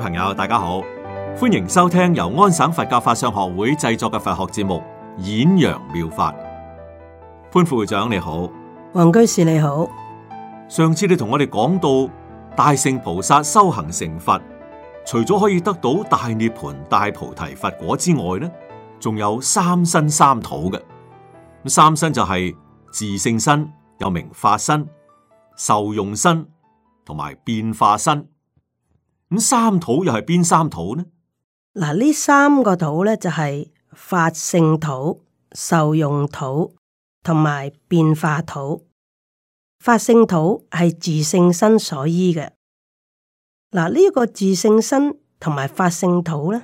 各位朋友，大家好，歡迎收聽由安省佛教法相學會製作嘅佛學節目《演揚妙，妙法》。潘副會長你好，黃居士你好。上次你同我哋講到大乘菩薩修行成佛，除咗可以得到大涅盤、大菩提佛果之外咧，仲有三身三土嘅。咁三身就係自性身，又名法身、受用身同埋變化身。咁三土又係邊三土呢？嗱，呢三個土咧就係法性土、受用土同埋變化土。法性土係自性身所依嘅。嗱，呢一個自性身同埋法性土咧，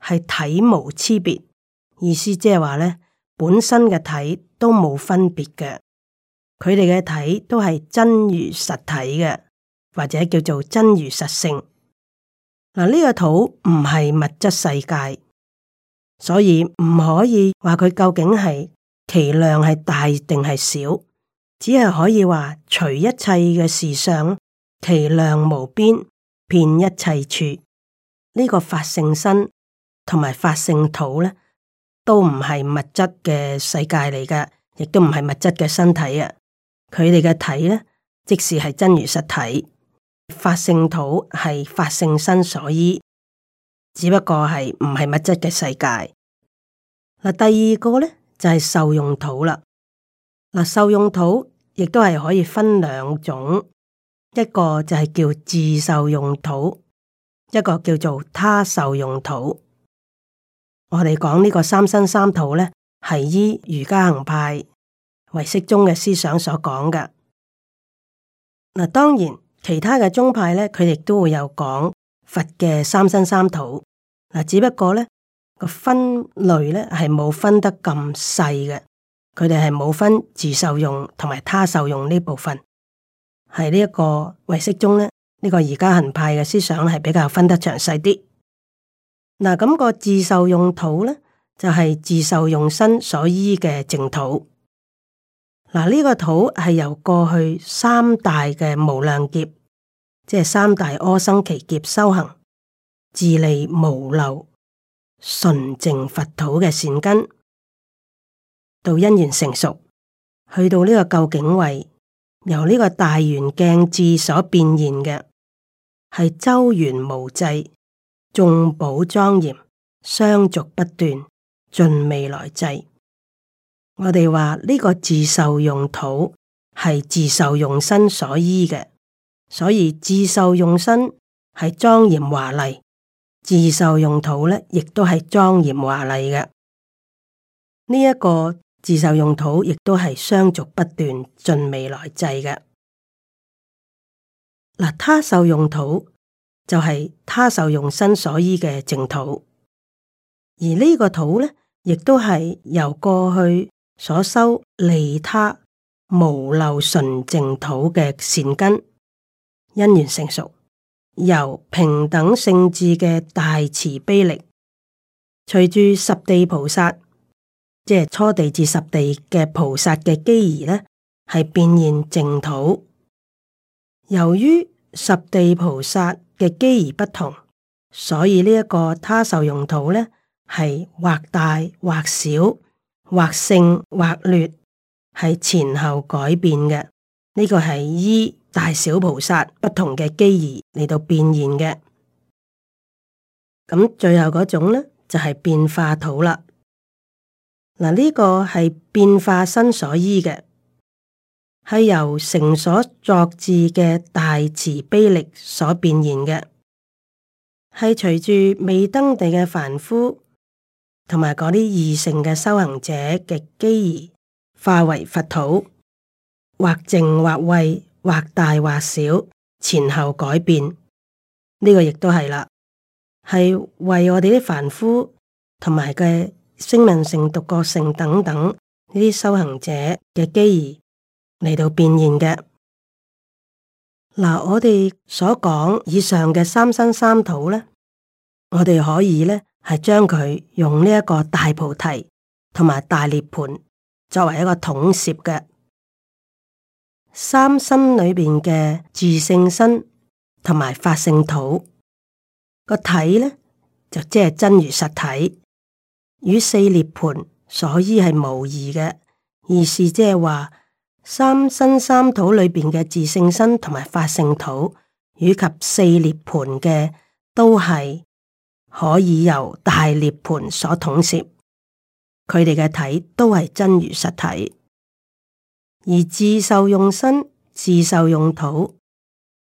係體無差別。意思即係話咧，本身嘅體都冇分別嘅，佢哋嘅體都係真如實體嘅，或者叫做真如實性。嗱，呢個土唔係物質世界，所以唔可以話佢究竟係其量係大定係小，只係可以話除一切嘅事上，其量無邊，遍一切處。呢個法性身同埋法性土咧，都唔係物質嘅世界嚟噶，亦都唔係物質嘅身體啊。佢哋嘅體咧，即使係真如實體。法性土係法性身所依，只不過係唔係物質嘅世界。嗱，第二個咧就係、是、受用土啦。嗱，受用土亦都係可以分兩種，一個就係叫自受用土，一個叫做他受用土。我哋講呢個三身三土咧，係依瑜伽行派唯識宗嘅思想所講嘅。嗱，當然。其他嘅宗派咧，佢哋都會有講佛嘅三身三土，嗱，只不過咧個分類咧係冇分得咁細嘅，佢哋係冇分自受用同埋他受用呢部分，係呢一、這個唯識宗咧，呢個而家行派嘅思想係比較分得詳細啲。嗱、那、咁個自受用土咧，就係、是、自受用身所依嘅淨土。嗱，呢個土係由過去三大嘅無量劫，即係三大阿僧祇劫修行，自利無漏、純淨佛土嘅善根，到因緣成熟，去到呢個究竟位，由呢個大圓鏡智所變現嘅，係周圓無際、眾寶莊嚴、相續不斷、盡未來際。我哋話呢個自受用土係自受用身所依嘅。所以自受用身係莊嚴華麗，自受用土咧，亦都係莊嚴華麗嘅。呢、這、一個自受用土，亦都係相續不斷、盡未來際嘅。嗱，他受用土就係他受用身所依嘅淨土，而呢個土咧，亦都係由過去所修利他無漏純淨土嘅善根。因緣成熟，由平等性智嘅大慈悲力，隨住十地菩薩，即係初地至十地嘅菩薩嘅機宜呢，係變現淨土。由於十地菩薩嘅機宜不同，所以呢一個他受用土呢，係或大或小，或勝或劣，係前後改變嘅。呢、這個係依。大小菩薩不同嘅機宜嚟到變現嘅，咁最後嗰種呢，就係、是、變化土啦。嗱、這、呢個係變化身所依嘅，係由成所作智嘅大慈悲力所變現嘅，係隨住未登地嘅凡夫同埋嗰啲二乘嘅修行者嘅機宜化為佛土，或淨或穢。或大或小，前後改變，呢、這個亦都係啦，係為我哋啲凡夫同埋嘅聲聞性、獨覺性等等呢啲修行者嘅機宜嚟到變現嘅。嗱，我哋所講以上嘅三身三土咧，我哋可以咧係將佢用呢一個大菩提同埋大涅盤作為一個統攝嘅。三身裏邊嘅自性身同埋法性土個體咧，就即係真如實體，與四涅槃所依係無異嘅，意思即係話三身三土裏邊嘅自性身同埋法性土，以及四涅槃嘅，都係可以由大涅槃所統攝，佢哋嘅體都係真如實體。而自受用身、自受用土、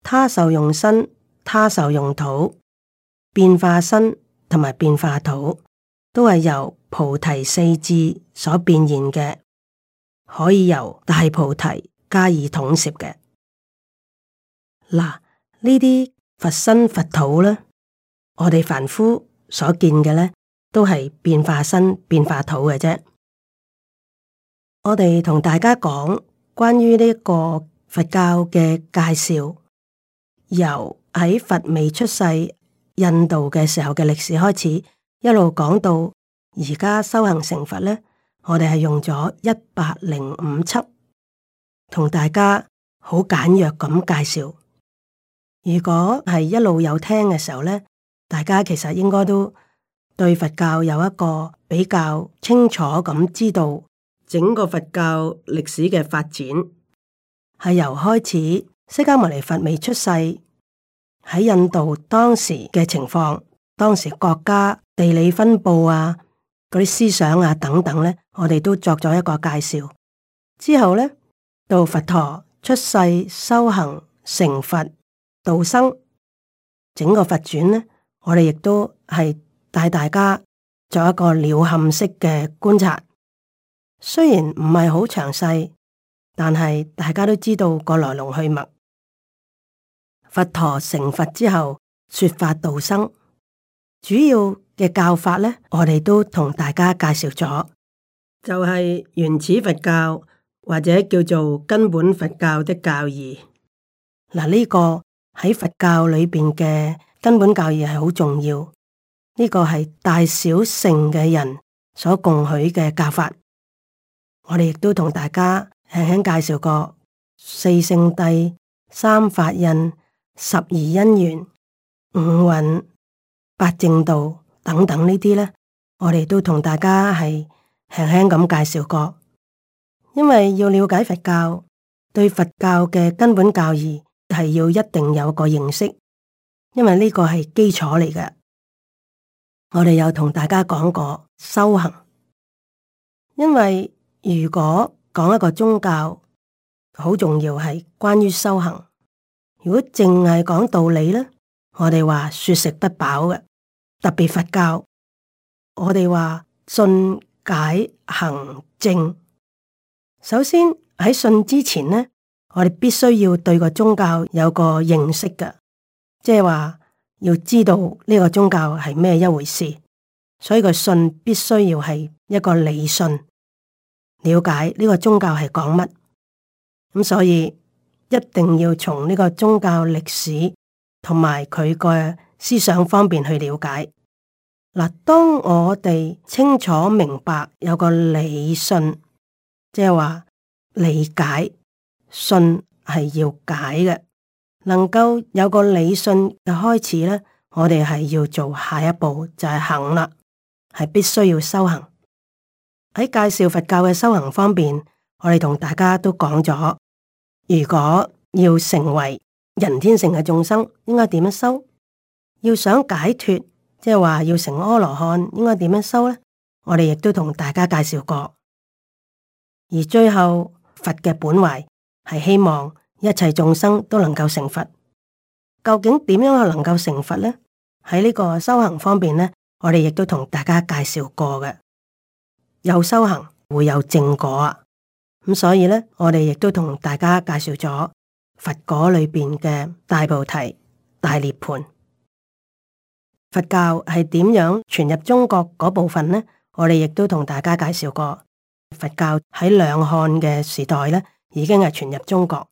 他受用身、他受用土、變化身同埋變化土，都係由菩提四智所變現嘅，可以由大菩提加以統攝嘅。嗱，呢啲佛身佛土咧，我哋凡夫所見嘅咧，都係變化身、變化土嘅啫。我哋同大家講。關於呢個佛教嘅介紹，由喺佛未出世印度嘅時候嘅歷史開始，一路講到而家修行成佛咧，我哋係用咗一百零五輯，同大家好簡約咁介紹。如果係一路有聽嘅時候咧，大家其實應該都對佛教有一個比較清楚咁知道。整個佛教歷史嘅發展係由開始釋迦牟尼佛未出世喺印度當時嘅情況，當時國家地理分布啊，嗰啲思想啊等等呢，我哋都作咗一個介紹。之後呢，到佛陀出世修行成佛度生，整個佛傳呢，我哋亦都係帶大家做一個鳥瞰式嘅觀察。雖然唔係好詳細，但係大家都知道個來龍去脈。佛陀成佛之後說法度生，主要嘅教法呢，我哋都同大家介紹咗，就係、是、原始佛教或者叫做根本佛教的教義。嗱，呢個喺佛教裏邊嘅根本教義係好重要，呢、這個係大小乘嘅人所共許嘅教法。我哋亦都同大家輕輕介紹過四聖諦、三法印、十二因緣、五蘊、八正道等等呢啲咧，我哋都同大家係輕輕咁介紹過，因為要了解佛教，對佛教嘅根本教義係要一定有個認識，因為呢個係基礎嚟嘅。我哋有同大家講過修行，因為。如果講一個宗教好重要，係關於修行。如果淨係講道理咧，我哋話說，說食不飽嘅，特別佛教。我哋話信解行證，首先喺信之前咧，我哋必須要對個宗教有個認識嘅，即係話要知道呢個宗教係咩一回事。所以個信必須要係一個理信。了解呢個宗教係講乜，咁所以一定要從呢個宗教歷史同埋佢嘅思想方面去了解。嗱，當我哋清楚明白有個理信，即係話理解信係要解嘅，能夠有個理信嘅開始咧，我哋係要做下一步就係、是、行啦，係必須要修行。喺介紹佛教嘅修行方面，我哋同大家都講咗，如果要成為人天乘嘅眾生，應該點樣修？要想解脱，即係話要成阿羅漢，應該點樣修呢？我哋亦都同大家介紹過。而最後，佛嘅本懷係希望一切眾生都能夠成佛。究竟點樣能夠成佛呢？喺呢個修行方面呢，我哋亦都同大家介紹過嘅。有修行會有正果，咁、嗯、所以呢，我哋亦都同大家介紹咗佛果裏邊嘅大菩提、大涅槃。佛教係點樣傳入中國嗰部分呢？我哋亦都同大家介紹過，佛教喺兩漢嘅時代呢，已經係傳入中國，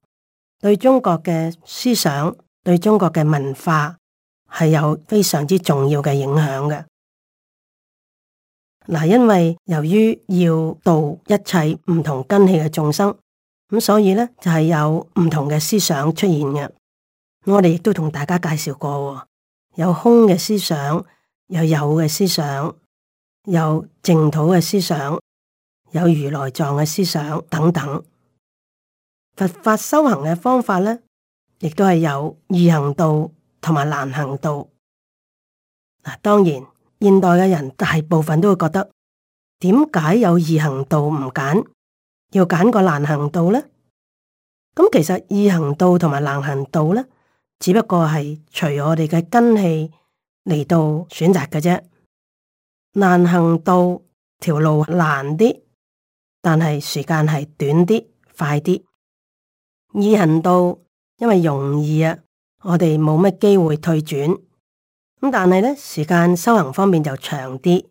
對中國嘅思想、對中國嘅文化係有非常之重要嘅影響嘅。嗱，因為由於要度一切唔同根器嘅眾生，咁所以咧就係有唔同嘅思想出現嘅。我哋亦都同大家介紹過，有空嘅思想，有有嘅思想，有淨土嘅思想，有如來藏嘅思想等等。佛法修行嘅方法咧，亦都係有易行道同埋難行道。嗱，當然。現代嘅人大部分都會覺得，點解有易行道唔揀，要揀個難行道呢？咁其實易行道同埋難行道呢，只不過係隨我哋嘅根器嚟到選擇嘅啫。難行道條路難啲，但係時間係短啲、快啲。易行道因為容易啊，我哋冇乜機會退轉。咁但係咧，時間修行方面就長啲。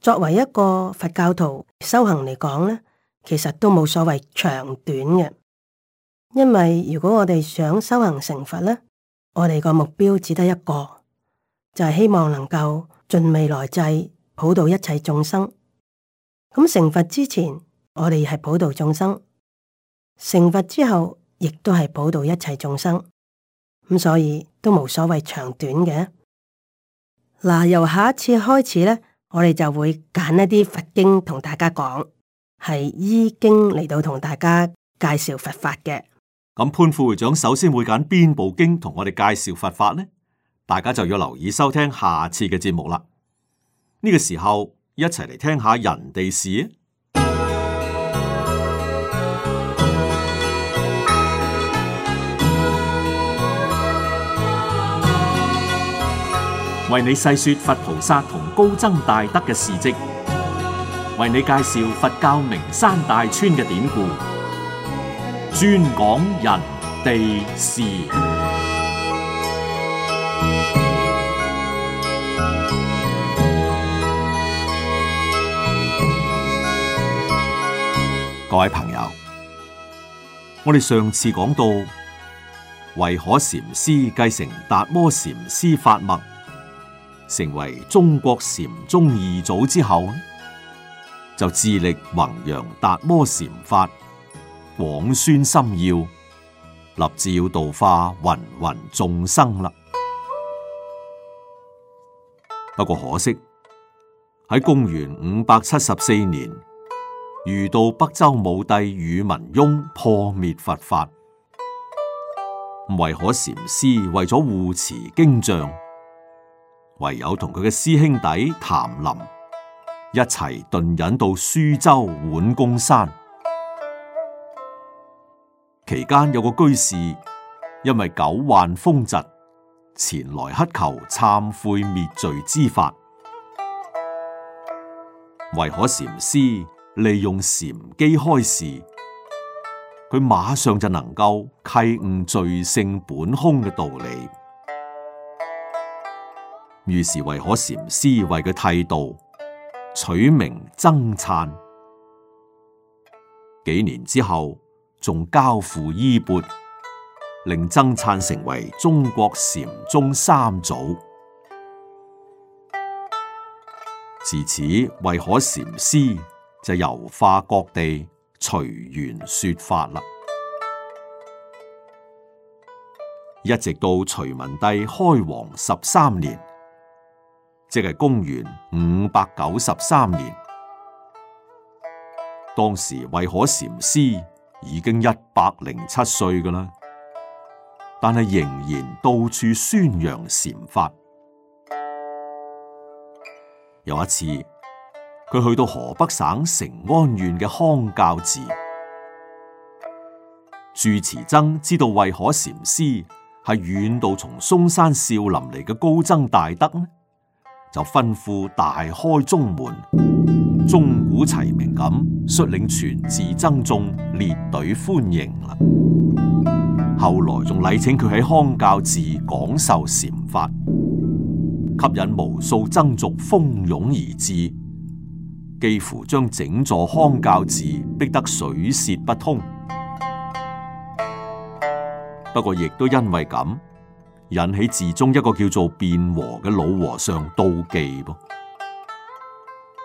作為一個佛教徒，修行嚟講咧，其實都冇所謂長短嘅。因為如果我哋想修行成佛咧，我哋個目標只得一個，就係、是、希望能夠盡未來際普渡一切眾生。咁成佛之前，我哋係普渡眾生；成佛之後，亦都係普渡一切眾生。咁所以都冇所謂長短嘅。嗱，由下一次開始咧，我哋就會揀一啲佛經同大家講，係依經嚟到同大家介紹佛法嘅。咁潘副會長首先會揀邊部經同我哋介紹佛法咧，大家就要留意收聽下次嘅節目啦。呢、這個時候一齊嚟聽下人哋事。為你細說佛菩薩同高僧大德嘅事跡，為你介紹佛教名山大川嘅典故，專講人地事。各位朋友，我哋上次講到，慧可禪師繼承達摩禪師法脈。成為中國禪宗二祖之後，就致力弘揚達摩禪法、廣宣心要，立志要度化芸芸眾生啦。不過可惜喺公元五百七十四年，遇到北周武帝宇文邕破滅佛法，慧可禪師為咗護持經像。唯有同佢嘅師兄弟譚林一齊遁隱到舒州皖公山，期間有個居士因為久患風疾，前來乞求懺悔滅罪之法，慧可禪師利用禪機開示，佢馬上就能夠契悟罪性本空嘅道理。於是慧可禪師為佢剃度取名僧璨，幾年之後仲交付衣鉢，令僧璨成為中國禪宗三祖。自此，慧可禪師就遊化各地，隨緣說法啦，一直到隋文帝開皇十三年，即係公元五百九十三年，當時慧可禪師已經一百零七歲㗎喇，但係仍然到處宣揚禪法。有一次，佢去到河北省成安縣嘅康教寺，住持僧知道慧可禪師係遠道從嵩山少林嚟嘅高僧大德。就吩咐大開中門，鐘鼓齊鳴咁率領全寺僧眾列隊歡迎啦。後來仲禮請佢喺康教寺講授禪法，吸引無數僧俗蜂擁而至，幾乎將整座康教寺逼得水洩不通。不過亦都因為咁。引起寺中一個叫做辯和嘅老和尚妒忌噃。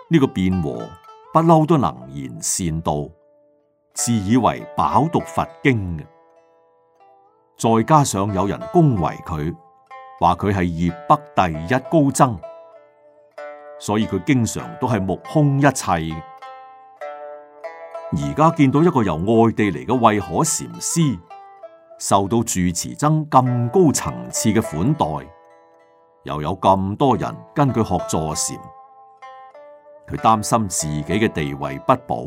呢、這個辯和不嬲都能言善道，自以為飽讀佛經嘅。再加上有人恭維佢，話佢係粵北第一高僧，所以佢經常都係目空一切。而家見到一個由外地嚟嘅慧可禪師。受到住持僧咁高層次嘅款待，又有咁多人跟佢學坐禪，佢擔心自己嘅地位不保，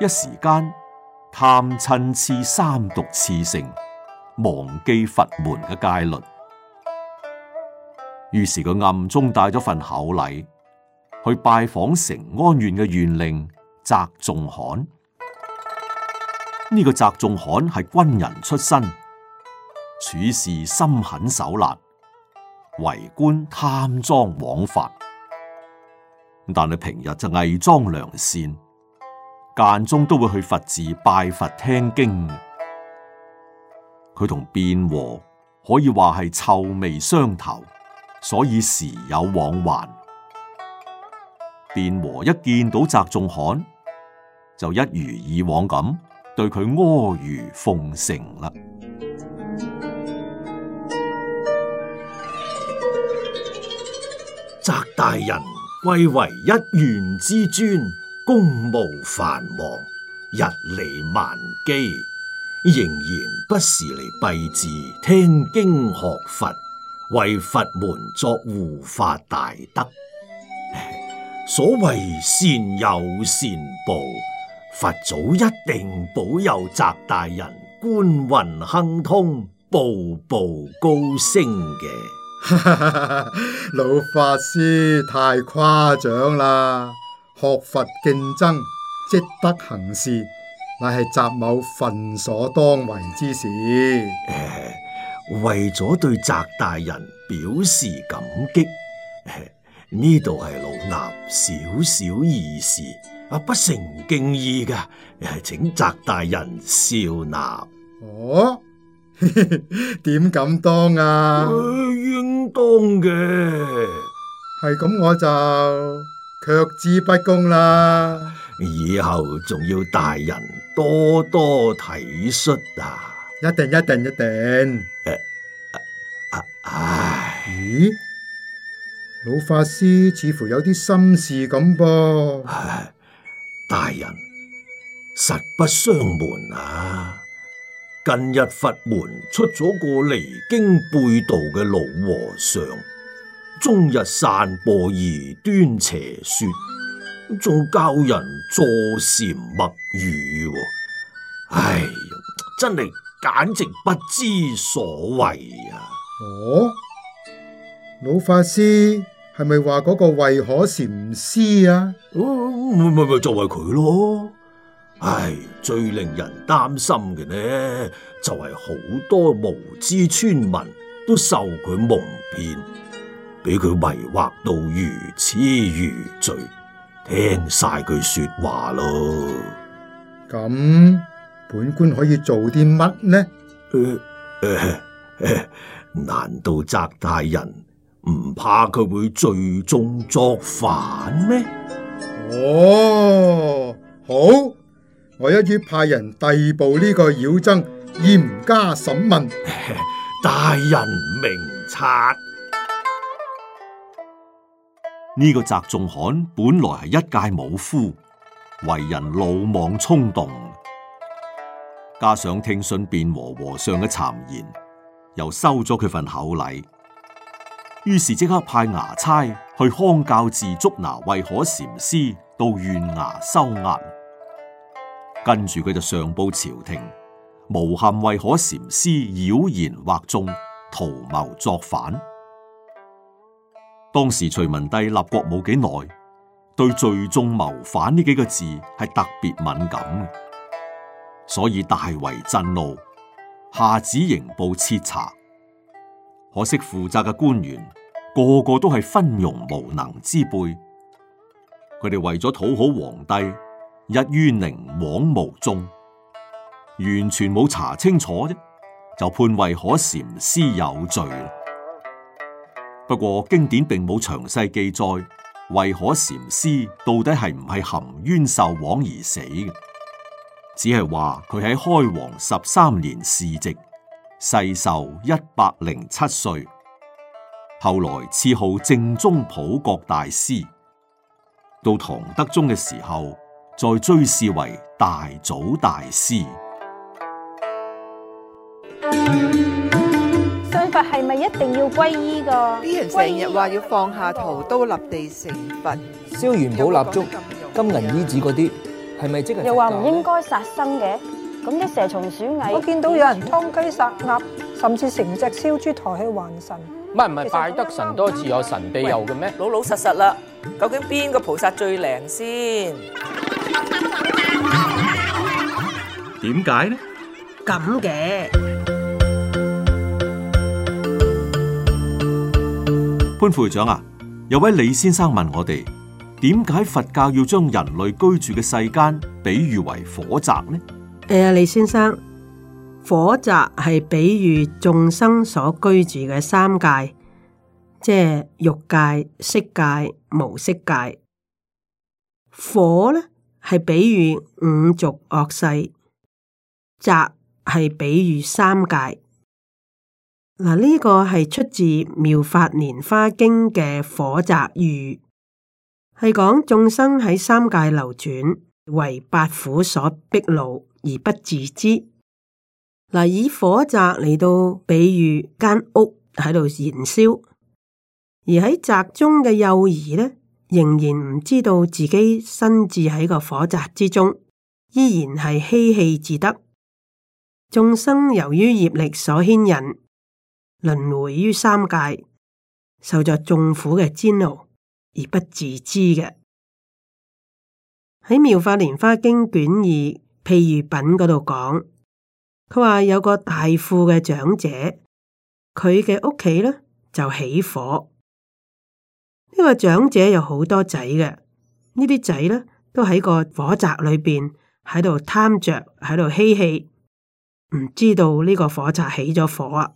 一時間貪嗔痴三毒熾盛，忘記佛門嘅戒律。於是佢暗中帶咗份厚禮去拜訪成安縣嘅縣令責仲罕。呢個翟仲罕係軍人出身，處事心狠手辣，為官貪贓枉法。但係平日就偽裝良善，間中都會去佛寺拜佛聽經。佢同辯和可以話係臭味相投，所以時有往還。辯和一見到翟仲罕，就一如以往咁。對佢阿諛奉承啦，翟大人貴為一員之尊，公務繁忙，日理萬機，仍然不時嚟敝寺聽經學佛，為佛門作護法大德。所謂善有善報。佛祖一定保佑翟大人官運亨通，步步高升嘅。 老法師太誇張啦！學佛敬僧，積德行善，乃係翟某分所當為之事。誒、欸，為咗對翟大人表示感激，呢度係老衲小小意思。阿不成敬意嘅，係請翟大人笑納。哦，點 敢當啊？應當嘅，係咁我就卻之不恭啦，啊。以後仲要大人多多體恤啊一！一定一定一定。誒、呃啊啊，老法師似乎有啲心事咁噃。啊大人，實不相瞞啊，近日佛門出咗個離經背道嘅老和尚，終日散播異端邪說，仲教人坐禪默語、啊，唉，真係簡直不知所謂啊！哦，老法師。係咪話嗰個慧可禪師啊？唔唔唔，就係、是、佢咯。唉，最令人擔心嘅呢，就係、是、好多無知村民都受佢蒙騙，俾佢迷惑到如痴如醉，聽晒佢說話咯。咁，本官可以做啲乜呢、呃呃呃？難道責大人？唔怕佢會最終作反咩？哦，好，我一於派人逮捕呢個妖僧，嚴加審問。 大人明察。呢個翟仲罕本來係一介武夫，為人魯莽衝動，加上聽信辯和和尚嘅讒言，又收咗佢份口禮。於是即刻派衙差去匡教寺捉拿慧可禪師到縣衙收押，跟住佢就上報朝廷，誣陷慧可禪師妖言惑眾，圖謀作反。當時隋文帝立國冇幾耐，對“罪中謀反”呢幾個字係特別敏感，所以大為震怒，下旨刑部徹查。可惜負責嘅官員個個都係昏庸無能之輩，佢哋為咗討好皇帝，一於寧枉毋縱，完全冇查清楚啫，就判慧可禪師有罪。不過經典並冇詳細記載慧可禪師到底係唔係含冤受枉而死嘅，只係話佢喺開皇十三年示寂。世壽一百零七歲，後來賜號正宗普國大師，到唐德宗嘅時候再追諡為大祖大師。信佛係咪一定要皈依噶？啲人成日話要放下屠刀立地成佛，燒元寶蠟燭、金銀衣紙嗰啲，係咪即係又話唔應該殺生嘅？咁啲蛇蟲鼠蟻，我見到有人劏雞殺鴨，甚至成隻燒豬抬起還神，唔係唔係拜得神多自有神庇佑嘅咩？老老實實啦，究竟邊個菩薩最靈先？點解呢？咁嘅潘副會長啊，有位李先生問我哋，點解佛教要將人類居住嘅世間比喻為火宅呢？誒、哎，李先生，火宅係比喻眾生所居住嘅三界，即係欲界、色界、無色界。火呢係比喻五濁惡世，宅係比喻三界。嗱，呢、這個係出自《妙法蓮花經》嘅火宅喻，係講眾生喺三界流轉，為八苦所逼惱。而不自知嗱，以火宅嚟到比喻間屋喺度燃燒，而喺宅中嘅幼兒呢，仍然唔知道自己身處喺個火宅之中，依然係嬉戲自得。眾生由於業力所牽引，輪回於三界，受着眾苦嘅煎熬而不自知嘅。喺妙法蓮花經卷二。譬如品嗰度講，佢話有個大富嘅長者，佢嘅屋企咧就起火。呢個長者有好多仔嘅，呢啲仔咧都喺個火宅裏邊喺度貪着，喺度嬉戲，唔知道呢個火宅起咗火啊！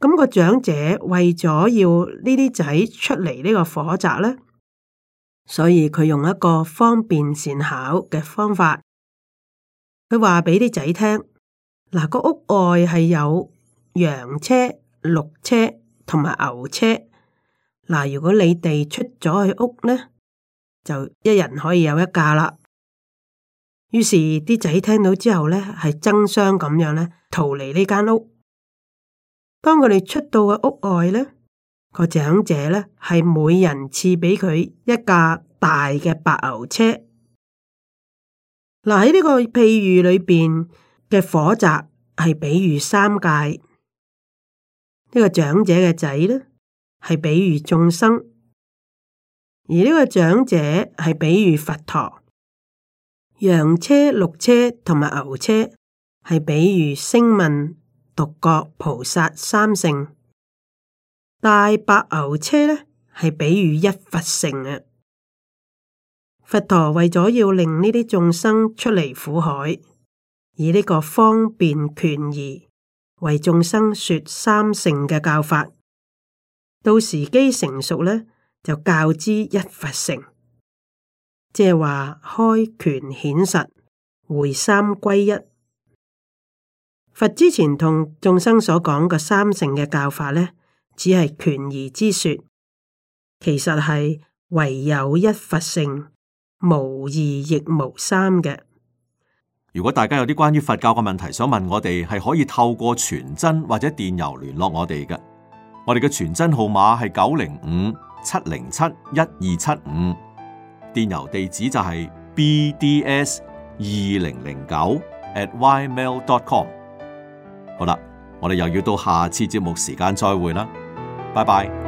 咁個長者為咗要呢啲仔出嚟呢個火宅咧，所以佢用一個方便善巧嘅方法。佢話畀啲仔聽，嗱、個屋外係有羊車、鹿車同埋牛車，嗱，如果你哋出咗去屋咧，就一人可以有一架啦。於是啲仔、那個、聽到之後咧，係爭相咁樣咧逃離呢間屋。當佢哋出到去屋外咧，個長者咧係每人賜畀佢一架大嘅白牛車。嗱喺呢個譬喻裏邊嘅火宅係比喻三界，呢、呢個長者嘅仔呢係比喻眾生，而呢個長者係比喻佛陀，羊車、鹿車同埋牛車係比喻聲聞、獨覺、菩薩三乘，大白牛車呢係比喻一佛乘啊。佛陀為咗要令呢啲眾生出離苦海，以呢個方便權宜為眾生說三乘嘅教法，到時機成熟呢，就教之一佛乘，即係話開權顯實，會三歸一。佛之前同眾生所講嘅「三乘」嘅教法呢，只係權宜之說，其實係唯有一佛乘。無二亦無三嘅。如果大家有啲關於佛教嘅問題想問我哋，係可以透過傳真或者電郵聯絡我哋嘅。我哋嘅傳真號碼係九零五七零七一二七五，75，電郵地址就係 bds 二零零九 @ymail.com。好啦，我哋又要到下次節目時間再會啦，拜拜。